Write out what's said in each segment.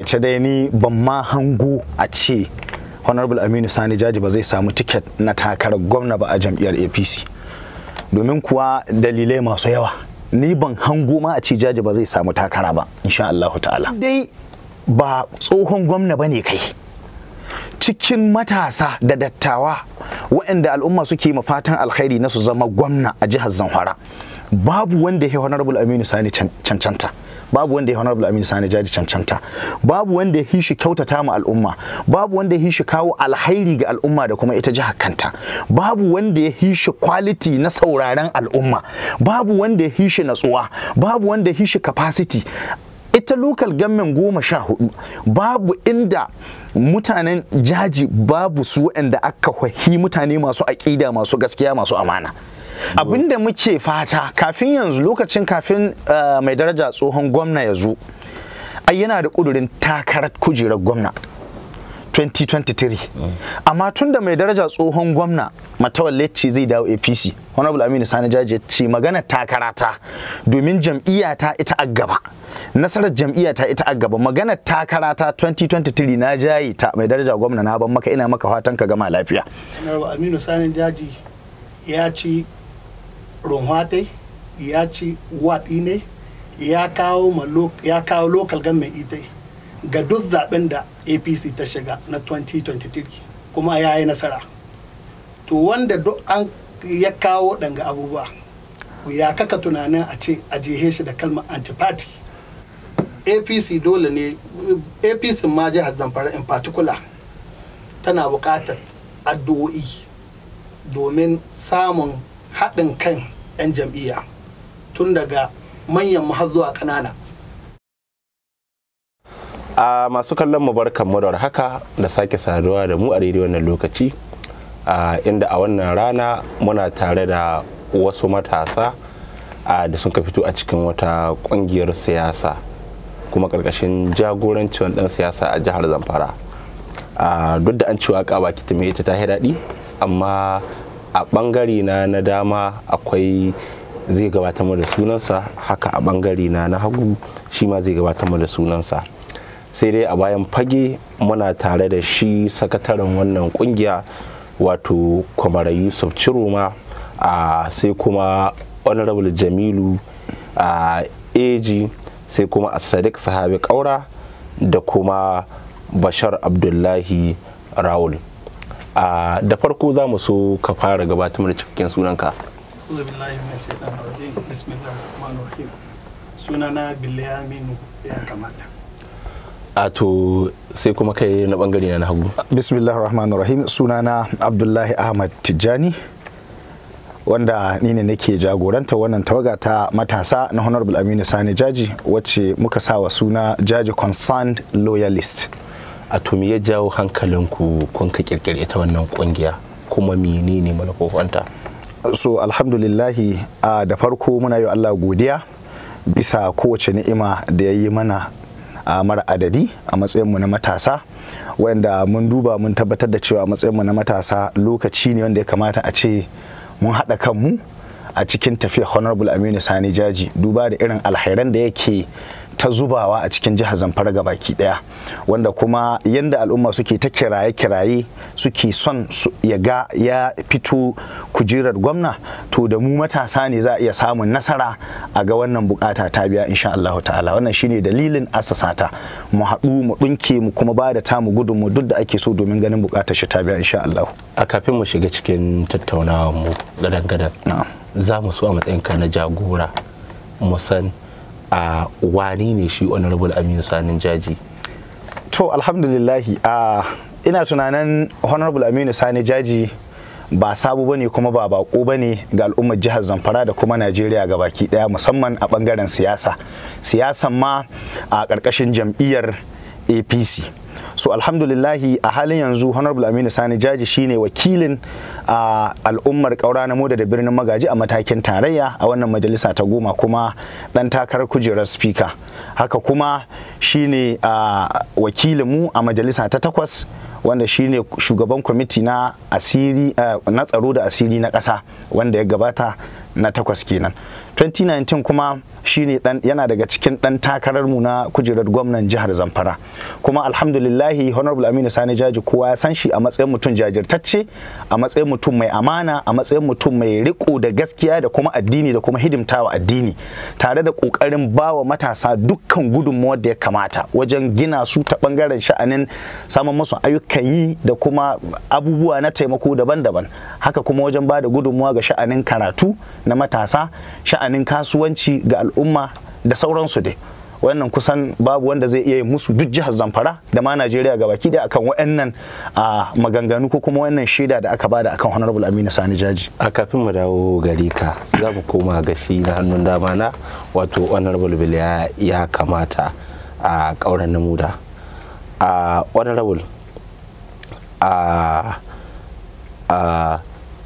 yace dai ni ban ma hango a ce honorable aminu sani jaji ba zai samu tiket na takarar gwamna ba a jam'iyyar apc domin kuwa dalilai masu yawa ni ban hango ma a ce jaji ba zai samu takara ba insha allahu ta'ala dai ba tsohon gwamna ba ne kai cikin matasa da dattawa waɗanda al'umma suke fatan alkhairi na su zama gwamna a jihar zamfara babu wanda ya honorable aminu sani cancanta babu wanda ya honorable amin Sani Jaji cancanta babu wanda ya hishi kyautata ma al'umma babu wanda ya hishi kawo alhairi ga al'umma da kuma ita jihar kanta babu wanda ya hishi quality na sauraren al'umma babu wanda ya hishi natsuwa babu wanda ya hishi capacity ita lokal government goma sha hudu babu inda mutanen jaji babu su waɗanda aka wahi mutane masu aƙida masu gaskiya masu amana abinda muke fata kafin yanzu lokacin kafin eh, mai daraja tsohon gwamna ya zo ai yana da kudurin takarar kujerar gwamna 2023 amma tun da mai daraja tsohon gwamna matawalleci zai dawo apc honorable aminu sani jaji ce magana takarata domin jam'iyyata ita a gaba nasarar jam'iyyata ita a gaba magana takarata 2023 na jayi ta mai daraja gwamna na ban maka ina maka fatan ka gama lafiya aminu sani jaji ya ci runwate ya ci wat ne ya kawo local government ita ga duk zaben da apc ta shiga na 2023 kuma ya yi nasara to wanda duk an ya kawo ɗanga abubuwa ya kaka tunanin a ce a jihe shi da kalmar antipati apc dole ne apc ma jihar zamfara in particular tana bukatar addu'o'i domin samun haɗin kan 'yan jam'iyya tun daga manyan mu zuwa ƙanana a masu kallon mu barkan mu da haka da sake saduwa da mu a daidai wannan lokaci inda a wannan rana muna tare da wasu matasa da sun fito a cikin wata kungiyar siyasa kuma karkashin jagorancin dan siyasa a jihar zamfara duk da an cewa ka baki ta ita daɗi amma a bangare na na dama akwai zai gabata mu da sunansa haka a bangare na na hagu shi ma zai gabata mu da sunansa sai dai a bayan fage muna tare da shi sakataren wannan kungiya wato kwamara yusuf ciroma sai kuma honorable jamilu a eji sai kuma a sadiq sahabi kaura da kuma bashar abdullahi raul da farko za mu so ka fara gabatar da cikakken sunanka sai kuma kai na bangare na hagu rahman ar rahim sunana abdullahi ahmad tijjani wanda ni ne nake jagoranta wannan tawaga ta matasa na honorable aminu sani jaji wacce muka sawa suna jaji concerned loyalist a to me ya jawo hankalinku kun ka kirkire ta wannan kungiya kuma menene manufofanta so alhamdulillahi lillahi da farko muna yi Allah godiya bisa kowace ni'ima da ya yi mana a mara adadi a matsayinmu na matasa wanda mun duba mun tabbatar da cewa matsayinmu na matasa lokaci ne wanda ya kamata a ce mun haɗa kanmu a cikin tafiya honorable aminu sani jaji duba da irin alhairan da yake ta zubawa a cikin jihar zamfara ga baki daya wanda kuma yadda al'umma suke ta kiraye-kiraye suke son ya ga ya fito kujerar gwamna to da mu matasa ne za a iya samun nasara a ga wannan bukata ta biya insha Allah ta'ala wannan shine dalilin asasata mu haɗu mu ɗinke mu kuma ba da tamu gudun mu duk da ake so domin ganin bukatar shi ta biya insha Allah a kafin mu shiga cikin tattaunawa mu gadan gadan za mu so a matsayin ka na jagora mu san a wani ne shi honorable aminu sanin jaji to alhamdulillahi a ina tunanin honorable aminu sani jaji ba sabu bane kuma ba bako bane ga al'ummar jihar zamfara da kuma najeriya ga baki daya musamman a bangaren siyasa siyasan ma a ƙarƙashin jam'iyyar apc so alhamdulillahi a halin yanzu honorable aminu sani jaji shine wakilin a al'ummar kaura na moda da birnin magaji a matakin tarayya a wannan majalisa ta goma kuma dan takarar kujerar speaker haka kuma shine a mu a majalisa ta takwas wanda shine shugaban kwamiti na na tsaro da asiri na ƙasa wanda ya gabata na takwas kenan 2019 kuma shine dan yana daga cikin dan takarar mu na kujerar gwamnan jihar Zamfara kuma alhamdulillahi honorable Aminu Sani Jaji kowa ya san shi a matsayin mutum jajirtacce a matsayin mutum mai amana a matsayin mutum mai riko da gaskiya da kuma addini da kuma hidimtawa addini tare da kokarin bawa matasa dukkan gudunmuwar da ya kamata wajen gina su ta bangaren sha'anin samun musu ayyukan yi da kuma abubuwa na taimako daban-daban haka kuma wajen ba da gudunmuwa ga sha'anin karatu na matasa sha'anin kasuwanci ga al'umma da sauransu dai wannan kusan babu wanda zai iya musu duk jihar zamfara da ma najeriya ga baki akan waɗannan a maganganu ko kuma wannan shaida da aka bada akan honorable aminu sani jaji a kafin mu dawo gari ka za mu koma ga shi na hannun dama na wato honorable bill ya kamata a ƙauren namuda a honorable a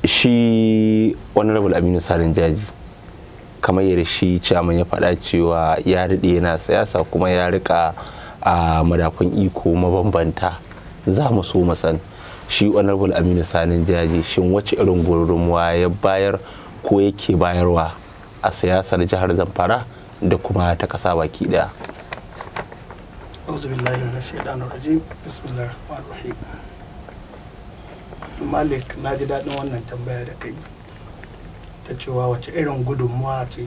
shi honorable aminu sani jaji kamar yadda shi chairman ya faɗa cewa ya daɗe yana siyasa kuma ya rika a madafun iko mabambanta za mu so san shi honorable aminu sanin jaji shin wacce irin gudunmuwa ya bayar ko yake bayarwa a siyasar jihar zamfara da kuma ta kasa baki daya malik na ji daɗin wannan tambaya da kai ta cewa wace irin gudunmuwa ce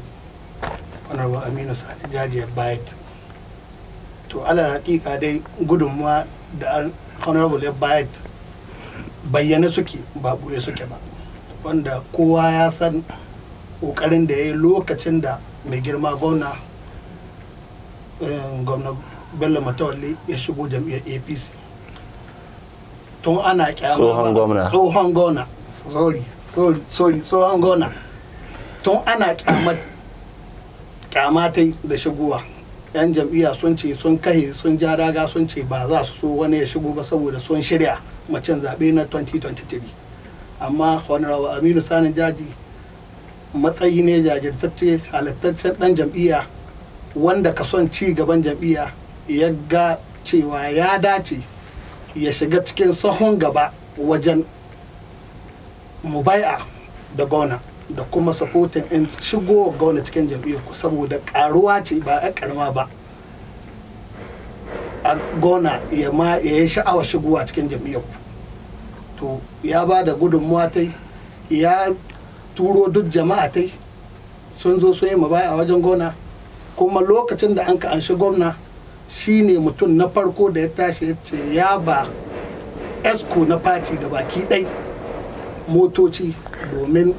honorable aminu sani jaji bayat to ala hakika dai gudunmuwa da honorable bayat bayyana suke ba buye suke ba wanda kowa ya san kokarin da ya yi lokacin da mai girma gwamna eh, gwamna bello matawalli ya shigo jam'iyyar apc tun ana kyamata tsohon gwamna tsohon gwamna sorry sorry tsohon gwamna tun ana kyama da shigowa yan jam'iyya sun ce sun kahe sun ja raga sun ce ba za su so wani ya shigo ba saboda sun shirya macen zaɓe na 2023 amma honorable aminu sanin jaji matsayi ne jajirtacce halittaccen ɗan jam'iyya wanda ka son ci gaban jam'iyya ya ga cewa ya dace ya shiga cikin sahun gaba wajen Mubai'a da gona da kuma supporting in shigo gwamnati cikin jam'iyyar ku saboda karuwa ce ba a karama ba a gona ya ma ya yi sha'awar shigowa cikin jam'iyyar to ya ba da gudunmuwa ta ya turo duk jama'a ta sun zo sun yi baya a wajen gona kuma lokacin da an ka an shi gwamna shine mutum na farko da ya tashi ya ce ya ba esko na fati ga baki ɗai motoci domin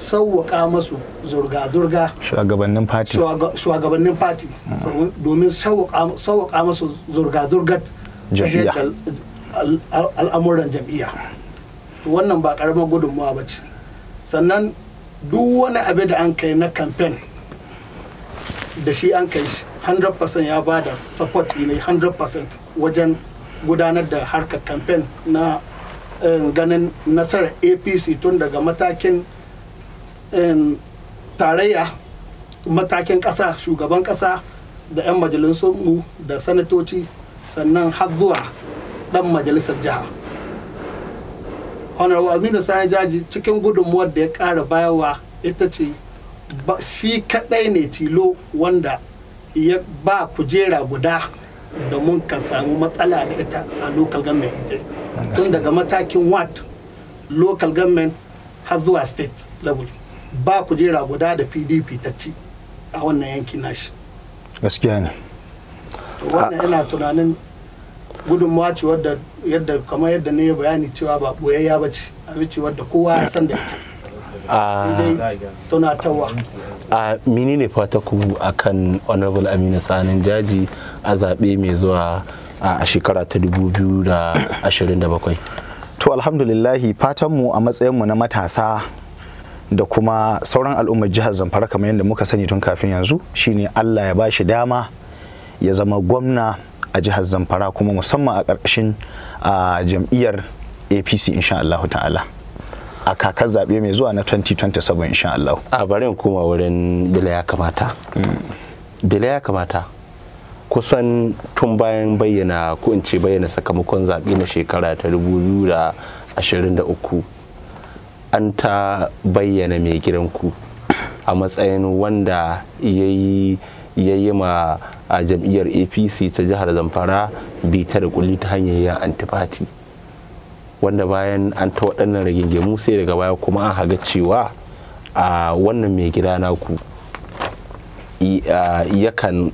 sauwaka masu zurga-zurga shugabannin fati shugabannin fati domin sauwaka masu zurga-zurgar al'amuran jam'iyya wannan ba karamar gudunmawa ba ce sannan duk wani abin da an kai na kamfen da shi an kai 100% ya ba da support ne 100% wajen gudanar da harkar kamfen na eh, ganin nasarar apc tun daga matakin tarayya matakin ƙasa shugaban ƙasa da 'yan majalisunmu da sanatoci sannan har zuwa ɗan majalisar jiha honorable aminu sani jaji cikin gudunmuwar da ya ƙara bayawa ita ce shi kaɗai ne tilo wanda ya ba kujera guda da mun ka samu matsala da ita a local government ita tun daga matakin ward local government har zuwa state level ba kujera guda da pdp ta ci a wannan yankin nashi gaskiya ne wannan yana tunanin gudunmawa ce wadda yadda kamar yadda ne bayani cewa ba boyayya ba ce abinci wadda kowa ya san da ita ah. tunatarwa a ah, mini ne fataku akan honorable aminu sanin jaji a zaɓe mai zuwa a shekara ta 2027 to alhamdulillahi fatanmu a matsayinmu na matasa da kuma sauran al'ummar jihar zamfara kamar yadda muka sani tun kafin yanzu shine allah ya ba shi dama ya zama gwamna a jihar zamfara kuma musamman a ƙarƙashin jam'iyyar apc insha allahu ta'ala a kakar zaɓe mai zuwa na 2027 insha allahu a bari in koma wurin bila ya kamata mm. bila ya kamata kusan tun bayan bayyana ko in ce bayyana sakamakon zaɓe na shekara ta 2023 an ta bayyana mai gidanku a matsayin wanda ya yi ma a jam'iyyar apc ta jihar zamfara bita da kulli ta hanyar yin antifati wanda bayan an ta waɗannan rigingimu sai daga baya kuma an haga cewa a wannan mai gida naku yakan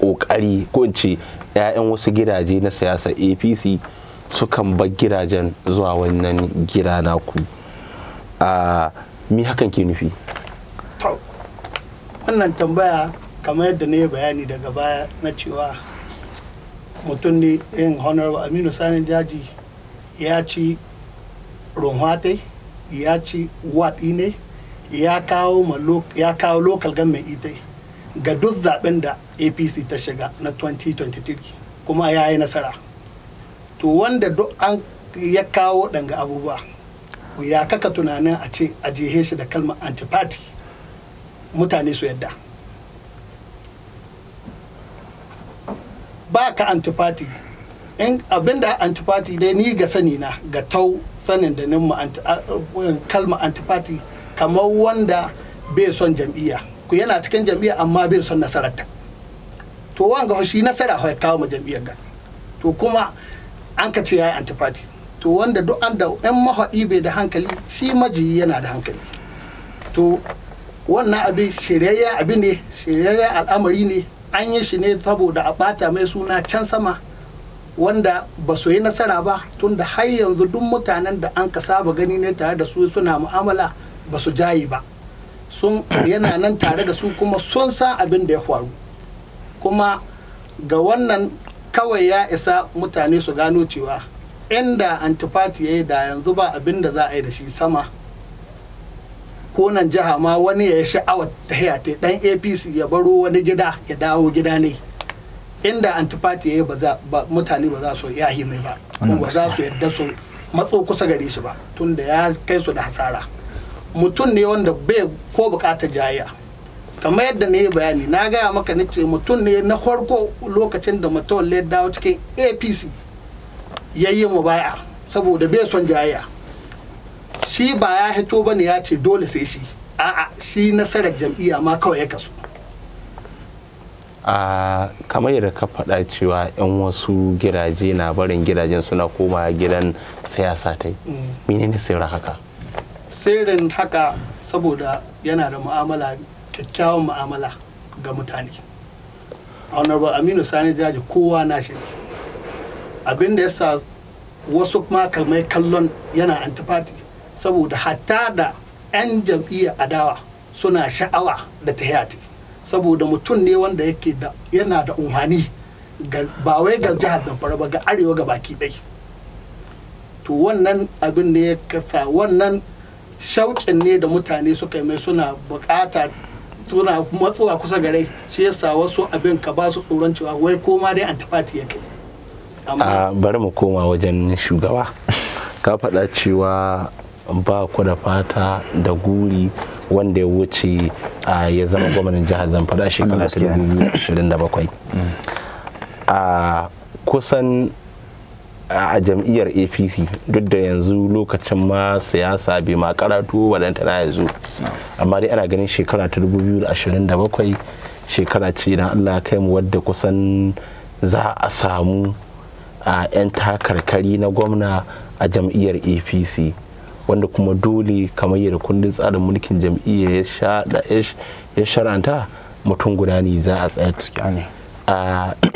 ƙoƙari ko in ce 'ya'yan wasu gidaje na siyasa apc sukan bar gidajen zuwa wannan gida naku. a mi hakan ke nufi wannan tambaya kamar yadda na yi bayani daga baya na cewa mutum ne yin honorable aminu sanin jaji ya ci runhwatai ya ci waɗi ne ya kawo local government ita ga duk zaben da apc ta shiga na 2023 kuma ya yi nasara to wanda duk an ya kawo ɗanga abubuwa ya kaka tunanin a ce a jihe shi da kalmar antipati mutane su yadda ba ka antipati in da antipati dai ni ga sani na ga tau sanin da nin kalma antipati kamar wanda bai son jam'iyya ku yana cikin jam'iyya amma bai son nasararta to wanga shi nasara ya kawo ma jam'iyyar ga to kuma an ka ce ya yi antipati to wanda duk an da yan mahaɗi bai da hankali shi majiyi yana da hankali to wannan abin shiryayya abin ne shiryayya al'amari ne an yi shi ne saboda a ɓata mai suna can sama wanda ba su yi nasara ba tun da har yanzu duk mutanen da an ka saba gani ne tare da su suna mu'amala ba su jayi ba sun yana nan tare da su kuma sun san abin da ya faru kuma ga wannan kawai ya isa mutane su gano cewa inda antifati ya yi da yanzu ba abin da za a yi da shi sama ko nan jiha ma wani ya sha'awa ta hiyata dan apc ya baro wani gida ya dawo gida ne inda antipati ya yi mutane ba za su yahi mai ba ba za su yadda su matso kusa gare shi ba tun da ya kai su da hasara mutum ne wanda bai ko bukata jayya kamar yadda na yi bayani na gaya maka ni ce mutum ne na farko lokacin da mutum ya dawo cikin apc ya yi baya saboda bai son jayayya shi ba ya hito ba ne ya ce dole sai shi a'a shi nasarar jam'iyya ma kawai ya kasu a kamar yadda ka faɗa cewa 'yan wasu gidaje na barin gidajen suna koma gidan siyasa ta yi mm. ne sirrin haka sirrin haka saboda yana da mu'amala kyakkyawan mu'amala ga mutane honorable aminu sani jaji kowa na shi abin da yasa wasu makalmai kallon yana antipati saboda hatta da 'yan jam'iyya adawa suna sha'awa da tahiyati saboda mutum ne wanda yake da yana da unhani ba wai ga jihar damfara ba ga arewa ga baki ɗai to wannan abin da ya kafa wannan shauƙin ne da mutane suka yi mai suna bukata suna matsuwa kusa gare shi yasa wasu abin ka ba su tsoron cewa wai koma dai antipati ya kai A bari mu koma wajen shugaba ka faɗa cewa ba ku da fata da guri wanda ya wuce ya zama gwamnan jihar zamfara a shekara 2027 a kusan a jam'iyyar apc duk da yanzu lokacin ma siyasa bai ma karatu wadanta na yanzu amma dai ana ganin shekara ta 2027 shekara ce idan allah kai mu wadda kusan za a samu a 'yan takarkari na gwamna a jam'iyyar apc wanda kuma dole kamar yadda kundin tsarin mulkin jam'iyya ya sharanta mutum guda ne za a tsayar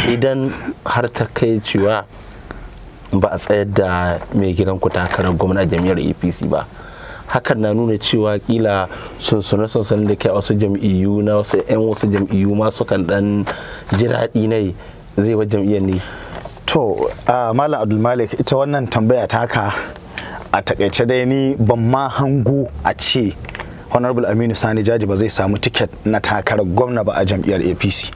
idan har ta kai cewa ba a tsayar da mai gidan ku takarar gwamna a jam'iyyar apc ba hakan na nuna cewa kila sunsune sunsune da ke a wasu jam'iyyu na wasu 'yan wasu jam'iyyu ma sukan dan ji daɗi nai zai ba jam'iyyar ne to malam malik ita wannan tambaya ta a takaice dai ni ban ma hango a ce honorable aminu sani jaji ba zai samu tiket na takarar gwamna ba a jam'iyyar apc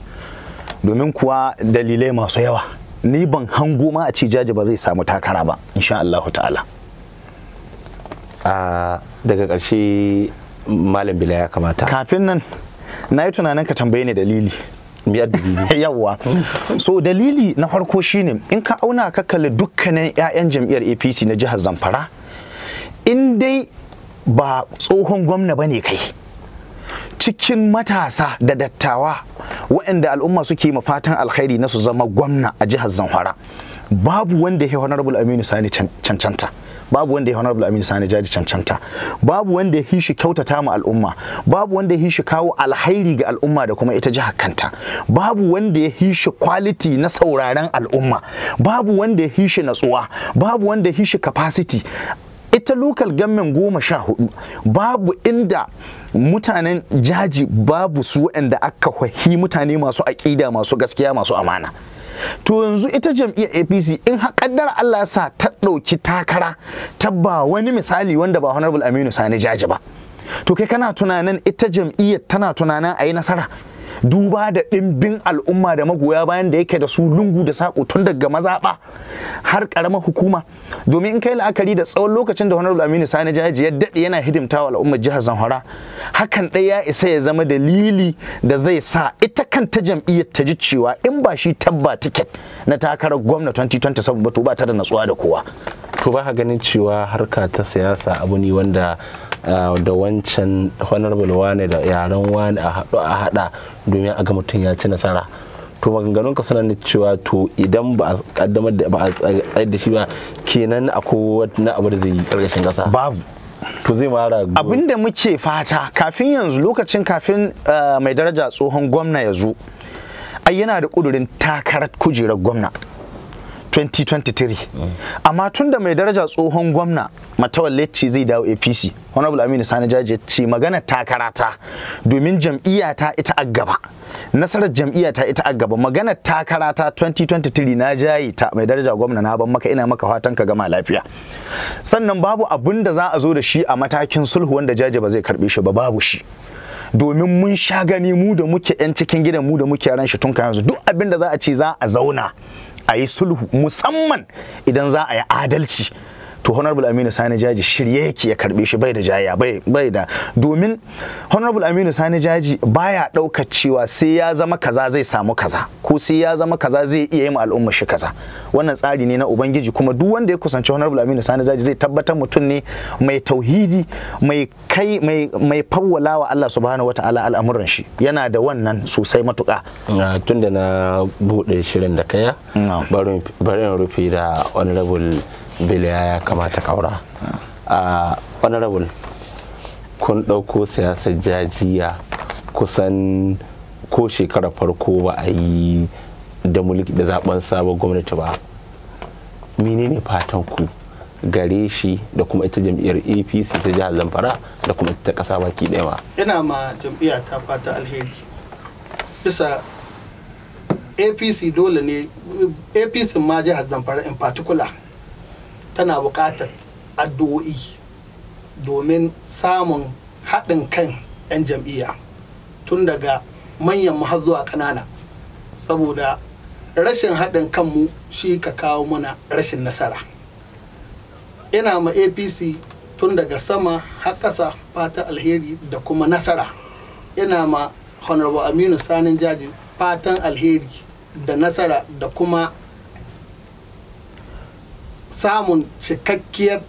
domin kuwa dalilai masu yawa ni ban hangu ma a ce jaji ba zai samu takara ba insha Allah ta'ala daga ƙarshe malam bila ya kamata kafin nan na yi tunanin ka tambaye ni dalili biyar yawwa so dalili na farko shine in ka auna ka kalli dukkanin 'ya'yan jam'iyyar apc na jihar zamfara in dai ba tsohon gwamna ba ne kai cikin matasa da dattawa waɗanda al'umma suke ma fatan alkhairi na su zama gwamna a jihar zamfara babu wanda ya honorable aminu sani cancanta babu wanda ya honorable Aminu Sani Jaji cancanta babu wanda ya hishi kyautata mu al'umma babu wanda ya hishi kawo alhairi ga al'umma da kuma ita jihar kanta babu wanda ya hishi quality na sauraren al'umma babu wanda ya hishi natsuwa babu wanda ya hishi capacity ita local government goma sha hudu babu inda mutanen jaji babu su waɗanda aka wahi mutane masu aƙida masu gaskiya masu amana to yanzu ita jam'iyyar apc in haƙaddar allah sa ta ɗauki takara ta ba wani misali wanda ba honorable aminu sani jaji ba to kai kana tunanin ita jam'iyyar tana tunanin a yi nasara duba da ɗimbin al'umma da magoya bayan da yake da su lungu da saƙo tun daga mazaɓa har ƙaramar hukuma domin in kai la'akari da tsawon lokacin da honorable aminu sani jaji ya daɗe yana hidimta wa al'ummar jihar zamfara hakan ɗaya ya isa ya zama dalili da zai sa ita kanta jam'iyyar ta ji cewa in ba shi tabba tiket na takarar gwamna 2020 saboda to ba ta da natsuwa da kowa to ba ganin cewa harka ta siyasa abu ne wanda Ah, da wancan honorable wane da yaren wane a haɗu a haɗa domin a ga mutum ya ci nasara to maganganun ka suna cewa to idan ba a kaddamar da ba a tsayar da shi ba kenan akwai wani abu da zai yi karkashin kasa babu to zai mara abinda muke fata kafin yanzu lokacin kafin ah, mai daraja tsohon gwamna ya zo ai yana da kudurin takarar kujerar gwamna 2023 amma tun da mai daraja tsohon gwamna matawalle zai dawo apc honorable aminu sani jaji ce magana takara ta domin jam'iyya ta ita a gaba nasarar jam'iyya ta ita a gaba magana takara ta 2023 na jaye ta mai daraja gwamna na ban maka ina maka fatan ka gama lafiya sannan babu abin da za a zo da shi a matakin sulhu wanda Jaji ba zai karbe shi ba babu shi domin mun sha gani mu da muke 'yan cikin gidan mu da muke ran shi tun yanzu duk abin da za a ce za a zauna a yi sulhu musamman idan za a yi adalci to honorable aminu sani jaji shirye yake ya karbe shi bai da jaya bai bai da domin honorable aminu sani jaji baya ɗaukar cewa sai ya zama kaza zai samu kaza ko sai ya zama kaza zai iya yi ma al'umma shi kaza wannan tsari ne na ubangiji kuma duk wanda ya kusanci honorable aminu sani jaji zai tabbatar mutum ne mai tauhidi mai kai mai mai fawwalawa Allah subhanahu wataala al'amuran shi yana da wannan sosai matuƙa tunda na buɗe shirin da kaya barin rufe da honorable biliya ya kamata kaura a honorable kun ɗauko siyasar jajiya kusan ko shekara farko ba a yi da mulki da zaben sabon gwamnati ba menene fatan ku gare shi da kuma ita jam'iyyar apc ta jihar zamfara da kuma ita kasa baki ɗaya ma ina ma jam'iyya ta fata alheri bisa apc dole ne apc ma jihar zamfara in particular tana buƙatar addu'o'i domin samun haɗin kan 'yan jam'iyya tun daga manyan har zuwa ƙanana saboda rashin haɗin kanmu shi ka kawo mana rashin nasara ina ma apc tun daga sama har ƙasa fatan alheri da kuma nasara ina ma honorable aminu sanin jaji fatan alheri da nasara da kuma samun cikakkiyar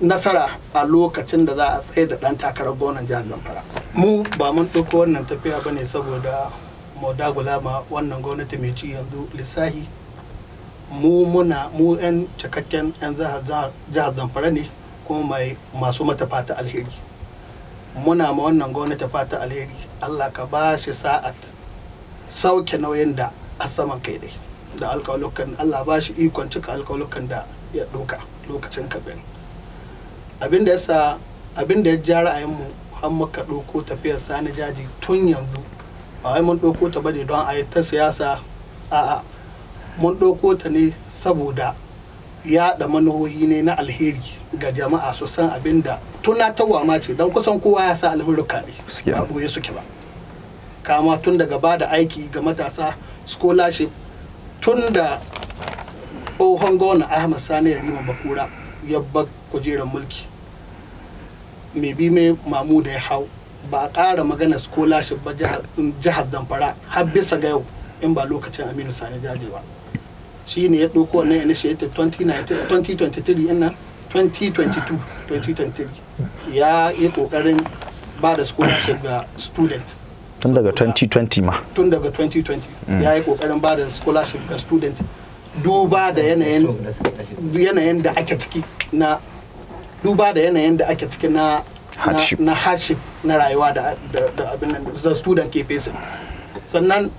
nasara a lokacin da za a tsaye da ɗan takarar gonan jihar zamfara mu ba mun ɗauko wannan tafiya ba ne saboda mu dagula ma wannan gwamnati mai ci yanzu lissahi mu muna mu 'yan cikakken 'yan jihar zamfara ne kuma mai masu mata fata alheri muna ma wannan gwamnati fata alheri allah ka ba shi sa'at sauke nauyin da a saman kai dai da alƙawalukan Allah ba shi ikon cika alƙawalukan da ya ɗauka lokacin kabin abin da yasa abin da ya ja ra'ayinmu har muka ɗauko tafiyar sani jaji tun yanzu ba wai mun ɗauko ta bane don a yi ta siyasa a'a mun ɗauko ta ne saboda yaɗa manohoyi ne na alheri ga jama'a su san abin da tunatarwa ma ce don kusan kowa ya sa alburka ne ba ɓoye suke ba kama tun daga ba da aiki ga matasa scholarship tun da tsohon gona ahmad sani rima bakura ya ba kujerar mulki mai bi mai mamu da ya hau ba a ƙara magana scholarship ba jihar damfara har bisa ga yau in ba lokacin aminu sani jajewa ba shi ne ya ɗauko na initiative 2023 in 2022 2023 ya yi ƙoƙarin ba da scholarship ga student tun daga 2020 ma tun daga 2020 mm. ya yi kokarin ba da scholarship ga student duba da yanayin da ake ciki na duba da yanayin da ake ciki na na hardship na rayuwa da abin nan da student ke facing sannan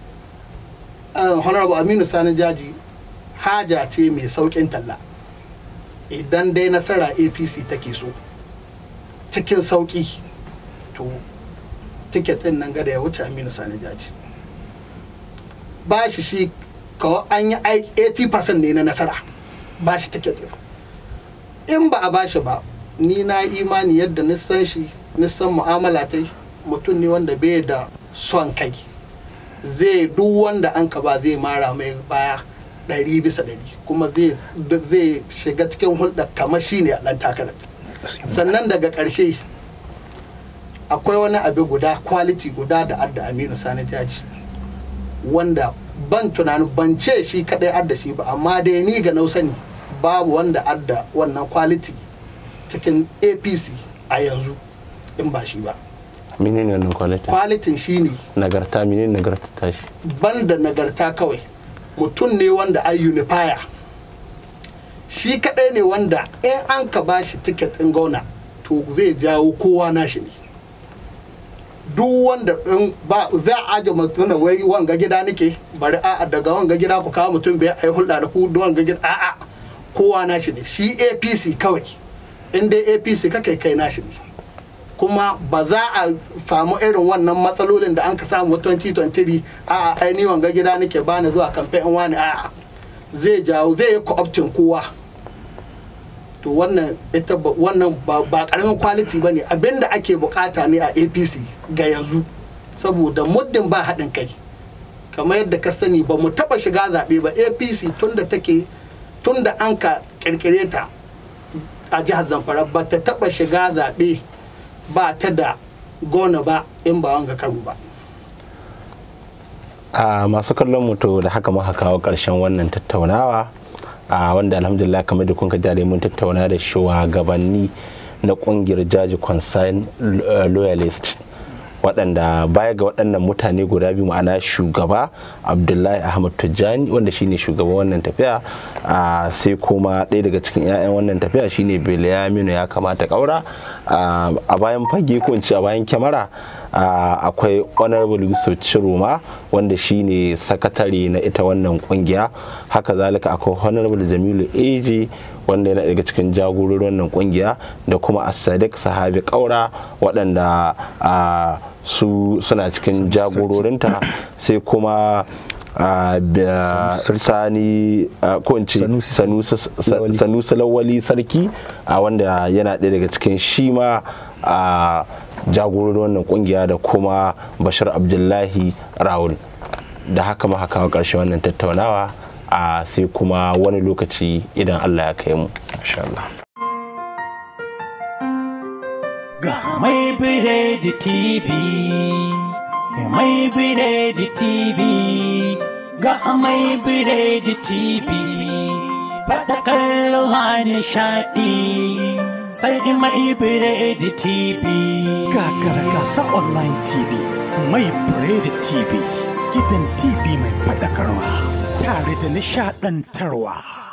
uh, honorable aminu sani jaji haja ce mai saukin talla idan dai nasara apc take so cikin sauki to tiket din nan gada ya wuce aminu sani jaji ba shi shi kawai an yi 80% ne na nasara ba shi tiket in ba a ba shi ba ni na imani yadda nisan shi nisan mu'amala ta mutum ne wanda bai da son kai zai duk wanda an ka ba zai mara mai baya ɗari bisa ɗari kuma zai shiga cikin hulɗa kamar shi ne a ɗan takarar sannan daga ƙarshe akwai wani abu guda quality guda da adda aminu sani jaji wanda ban tunanin ban ce shi kadai adda shi ba amma dai ni ga nausani babu wanda adda wannan quality cikin apc a yanzu in ba shi ba menene wannan quality quality shine nagarta menene nagarta ta shi. ban da nagarta kawai mutum ne wanda ai unifier shi kadai ne wanda in an ka bashi ticket in gauna to zai jawo kowa nashi ne duk wanda in ba za a aje mutum wai wanga gida nake bari a'a daga wanga gida ku kawo mutum bai ai hulɗa da ku wanga gida a'a kowa nashi ne shi APC kawai in dai APC ka kai nashi ne kuma ba za a samu irin wannan matsalolin da an ka samu 2023 a'a ai ni wanga gida nake bani zuwa kamfe in wani a'a zai jawo zai yi co kowa to wannan ita wannan ba karamin quality ba ne abin da ake bukata ne a apc ga yanzu saboda muddin ba haɗin kai kamar yadda ka sani ba mu taɓa shiga zaɓe ba apc tunda take tunda an ka ƙirƙire ta a jihar zamfara ba ta taɓa shiga zaɓe ba ta da gona ba in ba wanga karu ba a ah, masu kallon mu da haka muka kawo ƙarshen wannan tattaunawa a wanda alhamdulillah kamar da kun jare mun tattauna da shugabanni na kungiyar jaji consign eh, loyalist waɗanda baya ga waɗannan mutane guda biyu ma'ana shugaba abdullahi ahmad tijjani wanda shine shugaban wannan tafiya sai kuma ɗaya daga cikin 'ya'yan wannan tafiya shine bilyaminu ya kamata ƙaura a bayan fage ko a bayan kyamara akwai honorable yusuf ciroma wanda shine sakatare na ita wannan kungiya haka zalika akwai honorable jamilu eji wanda yana daga cikin jagororin wannan kungiya da kuma asadik sahabi kaura waɗanda su suna cikin jagororinta sai kuma sani ko sanusa sanusi lawali sarki wanda yana ɗaya daga cikin shima. a jagorar wannan kungiya da kuma bashar abdullahi raul da haka ma haka karshe wannan tattaunawa a sai kuma wani lokaci idan allah ya kai mu ga mai mai biredi ga mai biredi ruwa nishaɗi sai mai da TV. Gagara gasa online TV, mai biredi TV, gidan TV mai faɗakarwa, tare da nishaɗantarwa.